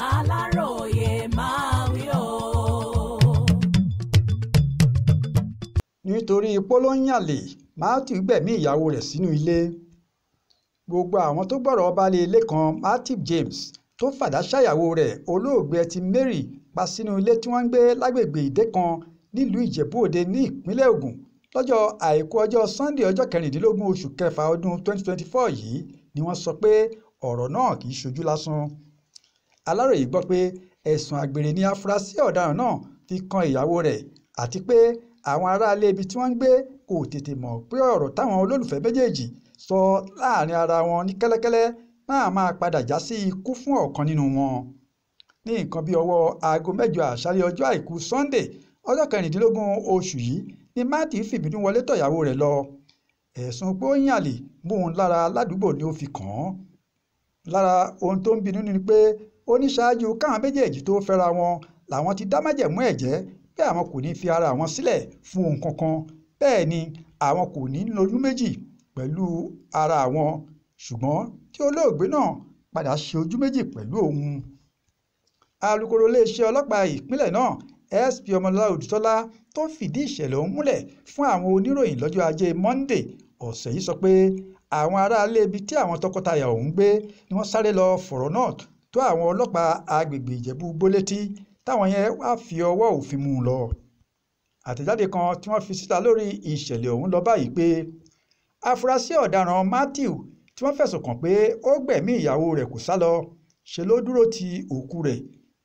aláròye máa wí o. nítorí pólóńyàlè matthew gbẹ̀mí ìyàwó rẹ̀ sínú ilé gbogbo àwọn tó gbọ́rọ̀ baálé ilé kan matthew james tó fàdá ṣàyàwó rẹ̀ olóògbé ti mary pa sínú ilé tí wọ́n ń gbé lágbègbè ìdè kan nílùú ìjẹ̀bú-òde ní ìpínlẹ̀ ògùn lọ́jọ́ àìkú ọjọ́ sunday ọjọ́ kẹrìndínlógún oṣù kẹfà ọdún 2024 yìí ni wọ́n sọ pé ọ̀rọ̀ náà kì í ṣojú lásán aláròye gbọ́ pé ẹ̀sùn àgbèrè ni afurasí ọ̀daràn náà fi kan ìyàwó rẹ̀ àti pé àwọn aráalé ibi tí wọ́n ń gbé kò tètè mọ̀ pé ọ̀rọ̀ táwọn olólùfẹ́ méjèèjì sọ láàrin ara wọn ní kẹ́lẹ́kẹ́lẹ́ náà máa padà já sí ikú fún ọ̀kan nínú wọn ní nǹkan bíi ọwọ́ aago mẹ́jọ àṣálẹ́ ọjọ́ àìkú Sunday ọjọ́ kẹrìndínlógún oṣù yìí ni Matt fìbínú wọlé tọ̀yàwó rẹ̀ lọ ẹ̀sùn pé ó ń yàlè mú òun lára ládùúgbò ni ó fi kàn án lára ohun tó ń bínú ni pé ó ní ṣáájú káwọn méjèèjì tó fẹ́ra wọn làwọn ti dá májẹ̀mú ẹ̀jẹ̀ pé àwọn kò ní fi ara àwọn sílẹ̀ fún ohun kankan bẹ́ẹ̀ ni àwọn kò ní lóyún méjì pẹ̀lú ara àwọn ṣùgbọ́n tí olóògbé náà padà ṣe ojú méjì pẹ̀lú òun alukoro iléeṣẹ́ ọlọ́pàá ìpínlẹ̀ náà sp ọmọlọ́lá òdùtọ́lá tó fìdí ìṣẹ̀lẹ̀ ọ̀hún múlẹ̀ fún àwọn oníròyìn lọ́jọ́ ajé monday ọ̀sẹ̀ yìí sọ pé àwọn aráalé ibi tí àwọn tọkọtaya ọ̀hún gbé ni wọ́n sáré lọ fọ̀rọ̀ náà tó àwọn ọlọ́pàá àgbègbè ìjẹ́bú-ìgbó létí táwọn yẹn wàá fi ọwọ́ òfin mú un lọ àtẹ̀jáde kan tí wọ́n fi síta lórí ìṣẹ̀lẹ̀ ọ̀hún lọ báyìí pé afurasí ọ̀daràn Matthew tí wọ́n fẹ̀sùn kàn pé ó gbẹ̀mí ìyàwó rẹ̀ kó sá lọ ṣe ló dúró ti òkú rẹ̀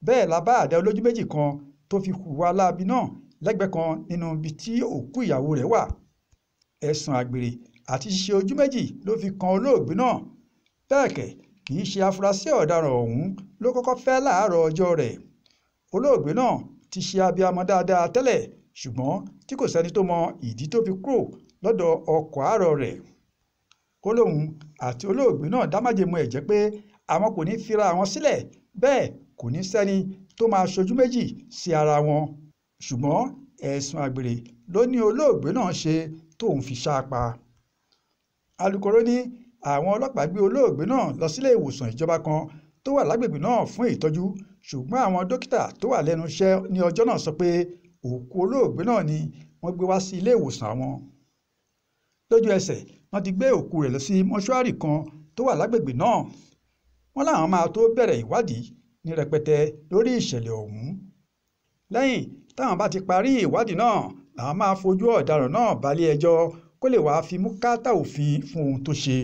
bẹ́ẹ̀ la bá àdá olójú méjì kan tó fi hùwà láabi náà lẹ́gbẹ̀ẹ́ kan nínú ibi tí òkú ìyàwó rẹ̀ wà ẹ̀sùn àgbèrè àti ṣíṣe ojú méjì ló fi kan olóògbé náà bẹ́ẹ̀ kẹ̀ kì í ṣe afurasí ọ̀daràn ọ̀hún ló kọ́kọ́ fẹ́ láàárọ̀ ọjọ́ rẹ̀ olóògbé náà ti ṣe abiyamọ dáadáa tẹ́lẹ̀ ṣùgbọ́n tí kò sẹ́ni tó mọ ìdí tó fi kúrò lọ́dọ̀ ọkọ àárọ̀ rẹ̀ ó lóun àti olóògbé náà dá májèmú ẹ̀ jẹ́ pé àwọn kò ní fira wọn sílẹ̀ bẹ́ẹ̀ kò ní sẹ́ni tó máa ṣojú méjì sí ara wọn ṣùgbọ́n ẹ̀sùn àgbèrè ló ní olóògbé náà ṣe tóun fi ṣáàpá alūkkóró ní àwọn ọlọ́pàá gbé olóògbé náà lọ sílé ìwòsàn ìjọba kan tó wà lágbègbè náà fún ìtọ́jú ṣùgbọ́n àwọn dókítà tó wà lẹ́nu iṣẹ́ ní ọjọ́ náà sọ pé òkú olóògbé náà ni wọ́n gbé wá sí ilé ìwòsàn àwọn lójú ẹsẹ̀ wọ́n ti gbé òkú rẹ̀ lọ sí mọ́ṣúárì kan tó wà lágbègbè náà wọ́n láwọn máa tó bẹ̀rẹ̀ ìwádìí ní rẹpẹtẹ lórí ìṣẹ̀lẹ̀ ọ̀hún lẹ́yìn táwọn bá ti parí ìwádìí náà làwọn máa fojú ọ̀daràn náà balé ẹjọ́ kó lè wáá fimú káàtà òfin fún ohun tó ṣe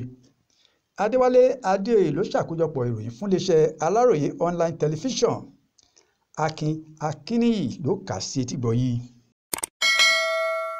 adéwálé adéoyè ló ṣàkójọpọ̀ ìròyìn fún iléeṣẹ́ aláròye online television akin akínníyì ló kà á sí etígbọ̀ọ́ yìí